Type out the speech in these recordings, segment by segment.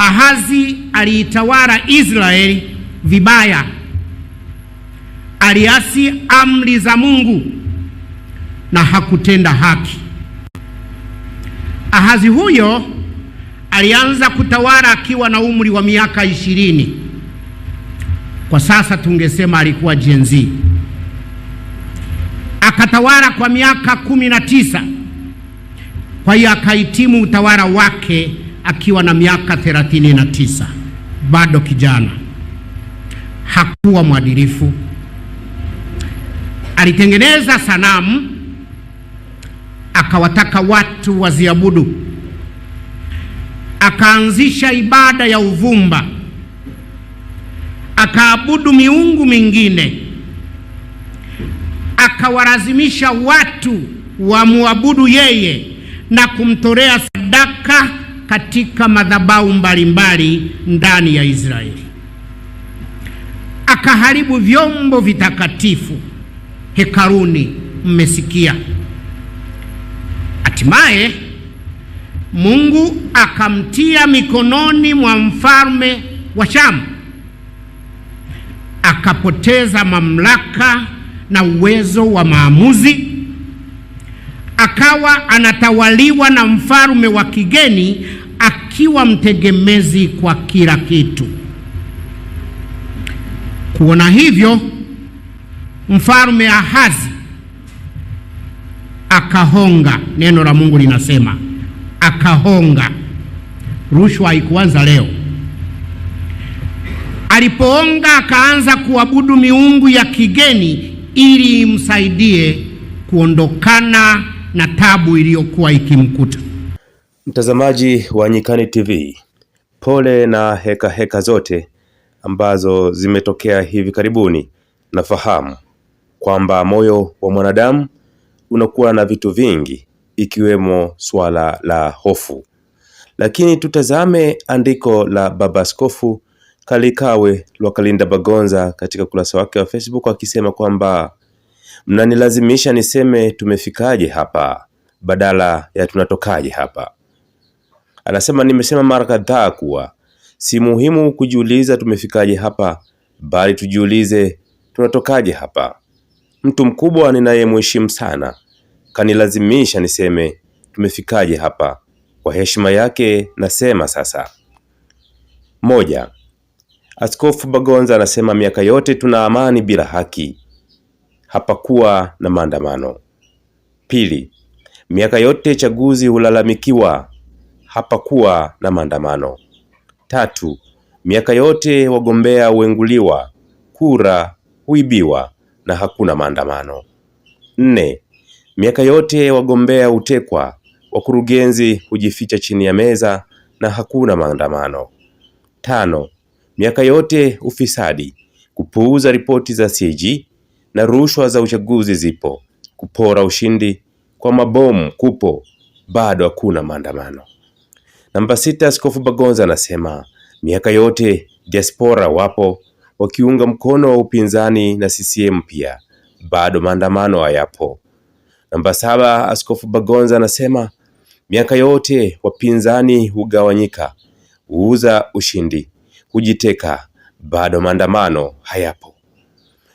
Ahazi aliitawala Israeli vibaya, aliasi amri za Mungu na hakutenda haki. Ahazi huyo alianza kutawala akiwa na umri wa miaka ishirini. Kwa sasa tungesema alikuwa Gen Z. Akatawala kwa miaka kumi na tisa. Kwa hiyo akahitimu utawala wake akiwa na miaka 39, bado kijana. Hakuwa mwadilifu, alitengeneza sanamu akawataka watu waziabudu, akaanzisha ibada ya uvumba, akaabudu miungu mingine, akawalazimisha watu wamuabudu yeye na kumtolea sadaka katika madhabahu mbalimbali ndani ya Israeli. Akaharibu vyombo vitakatifu hekaruni mmesikia. Hatimaye Mungu akamtia mikononi mwa mfalme wa Shamu, akapoteza mamlaka na uwezo wa maamuzi, akawa anatawaliwa na mfalme wa kigeni akiwa mtegemezi kwa kila kitu. Kuona hivyo, mfalme Ahazi akahonga. Neno la Mungu linasema akahonga. Rushwa haikuanza leo. Alipoonga akaanza kuabudu miungu ya kigeni ili imsaidie kuondokana na tabu iliyokuwa ikimkuta. Mtazamaji wa Nyikani TV, pole na hekaheka heka zote ambazo zimetokea hivi karibuni. Nafahamu kwamba moyo wa mwanadamu unakuwa na vitu vingi, ikiwemo swala la hofu, lakini tutazame andiko la Baba Askofu Kalikawe Lwakalinda Bagonza katika ukurasa wake wa Facebook akisema kwamba mnanilazimisha niseme tumefikaje hapa badala ya tunatokaje hapa. Anasema nimesema mara kadhaa kuwa si muhimu kujiuliza tumefikaje hapa, bali tujiulize tunatokaje hapa. Mtu mkubwa ninayemheshimu sana kanilazimisha niseme tumefikaje hapa. Kwa heshima yake nasema sasa. Moja, Askofu Bagonza anasema miaka yote tuna amani bila haki, hapakuwa na maandamano. Pili, miaka yote chaguzi hulalamikiwa, hapakuwa na maandamano. Tatu, miaka yote wagombea huenguliwa, kura huibiwa na hakuna maandamano. Nne, miaka yote wagombea hutekwa, wakurugenzi hujificha chini ya meza na hakuna maandamano. Tano, miaka yote ufisadi, kupuuza ripoti za CAG na rushwa za uchaguzi zipo, kupora ushindi kwa mabomu kupo, bado hakuna maandamano. Namba sita, Askofu Bagonza anasema miaka yote diaspora wapo wakiunga mkono wa upinzani na CCM pia bado maandamano hayapo. Namba saba, Askofu Bagonza anasema miaka yote wapinzani hugawanyika, huuza ushindi, hujiteka, bado maandamano hayapo.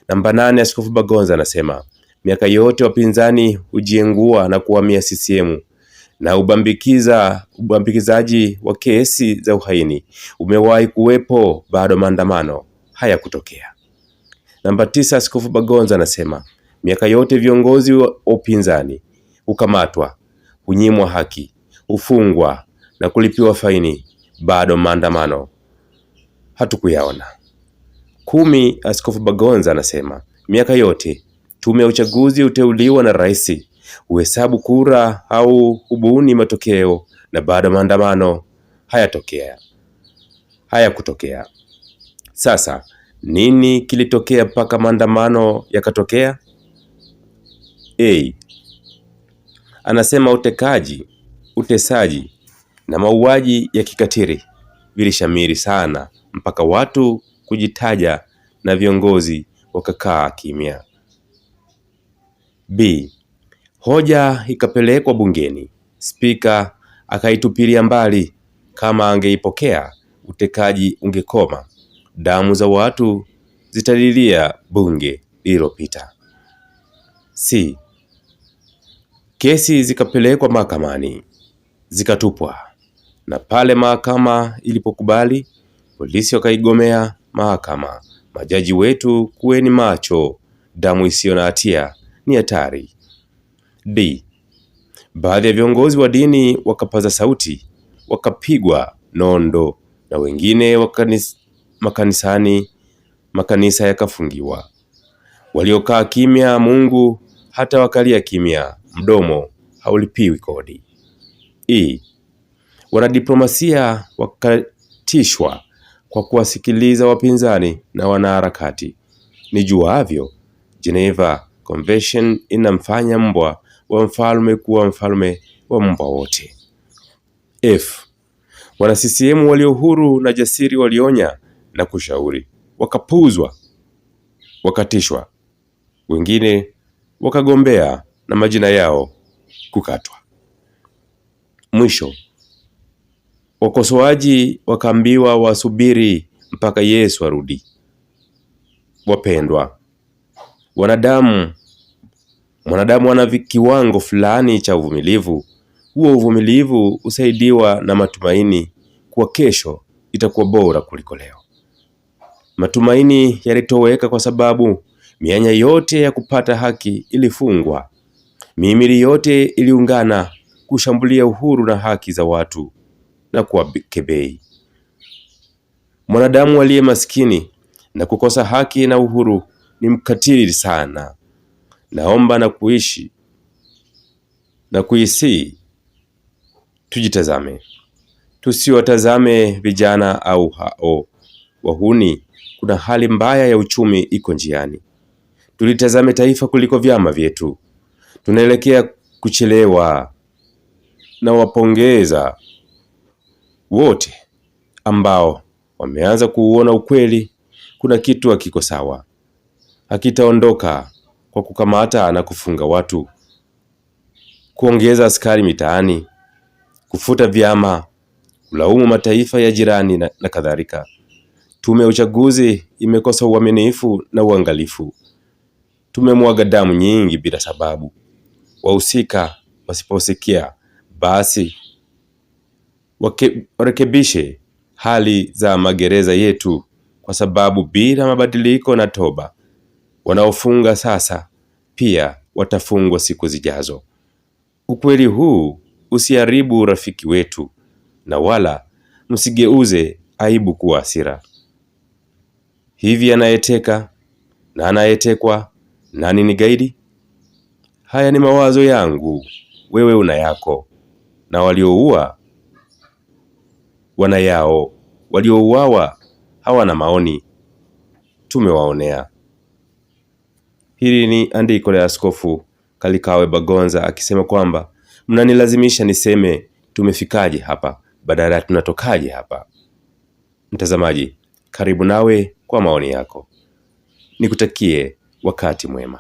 Namba nane, Askofu Bagonza anasema miaka yote wapinzani hujiengua na kuhamia CCM na ubambikiza ubambikizaji wa kesi za uhaini umewahi kuwepo, bado maandamano hayakutokea. Namba tisa, Askofu Bagonza anasema miaka yote viongozi wa upinzani hukamatwa, hunyimwa haki, hufungwa na kulipiwa faini, bado maandamano hatukuyaona. Kumi, Askofu Bagonza anasema miaka yote tume ya uchaguzi huteuliwa na rais huhesabu kura au hubuni matokeo, na bado maandamano hayatokea hayakutokea. Sasa nini kilitokea mpaka maandamano yakatokea? A. Anasema utekaji, utesaji na mauaji ya kikatili vilishamiri sana mpaka watu kujitaja na viongozi wakakaa kimya. B. Hoja ikapelekwa bungeni, spika akaitupilia mbali. Kama angeipokea utekaji ungekoma, damu za watu zitalilia bunge lililopita. Si kesi zikapelekwa mahakamani zikatupwa, na pale mahakama ilipokubali, polisi wakaigomea mahakama. Majaji wetu, kuweni macho, damu isiyo na hatia ni hatari. D. Baadhi ya viongozi wa dini wakapaza sauti, wakapigwa nondo na wengine wakanis, makanisani, makanisa yakafungiwa. Waliokaa kimya, Mungu hata wakalia kimya, mdomo haulipiwi kodi. E. Wanadiplomasia wakatishwa kwa kuwasikiliza wapinzani na wanaharakati. Ni juavyo Geneva Convention inamfanya mbwa wa mfalme kuwa mfalme wa mamba wote. F. Wana CCM walio huru na jasiri walionya na kushauri, wakapuuzwa, wakatishwa, wengine wakagombea na majina yao kukatwa. Mwisho, wakosoaji wakaambiwa wasubiri mpaka Yesu arudi. Wapendwa wanadamu Mwanadamu ana kiwango fulani cha uvumilivu. Huo uvumilivu husaidiwa na matumaini kuwa kesho itakuwa bora kuliko leo. Matumaini yalitoweka kwa sababu mianya yote ya kupata haki ilifungwa, mihimili yote iliungana kushambulia uhuru na haki za watu na kuwakebei. Mwanadamu aliye maskini na kukosa haki na uhuru ni mkatili sana naomba na kuishi na kuisii, tujitazame, tusiwatazame vijana au hao wahuni. Kuna hali mbaya ya uchumi iko njiani. Tulitazame taifa kuliko vyama vyetu. Tunaelekea kuchelewa. Na wapongeza wote ambao wameanza kuuona ukweli, kuna kitu hakiko sawa, hakitaondoka kwa kukamata na kufunga watu, kuongeza askari mitaani, kufuta vyama, kulaumu mataifa ya jirani na, na kadhalika. Tume ya uchaguzi imekosa uaminifu na uangalifu. Tumemwaga damu nyingi bila sababu. Wahusika wasiposikia basi warekebishe hali za magereza yetu, kwa sababu bila mabadiliko na toba Wanaofunga sasa pia watafungwa siku zijazo. Ukweli huu usiharibu urafiki wetu, na wala msigeuze aibu kuwa hasira. Hivi anayeteka na anayetekwa nani ni gaidi? Haya ni mawazo yangu, wewe una yako, na walioua wana yao, waliouawa hawana maoni, tumewaonea. Hili ni andiko la Askofu Kalikawe Bagonza akisema kwamba mnanilazimisha niseme tumefikaje hapa badala ya tunatokaje hapa. Mtazamaji, karibu nawe kwa maoni yako. Nikutakie wakati mwema.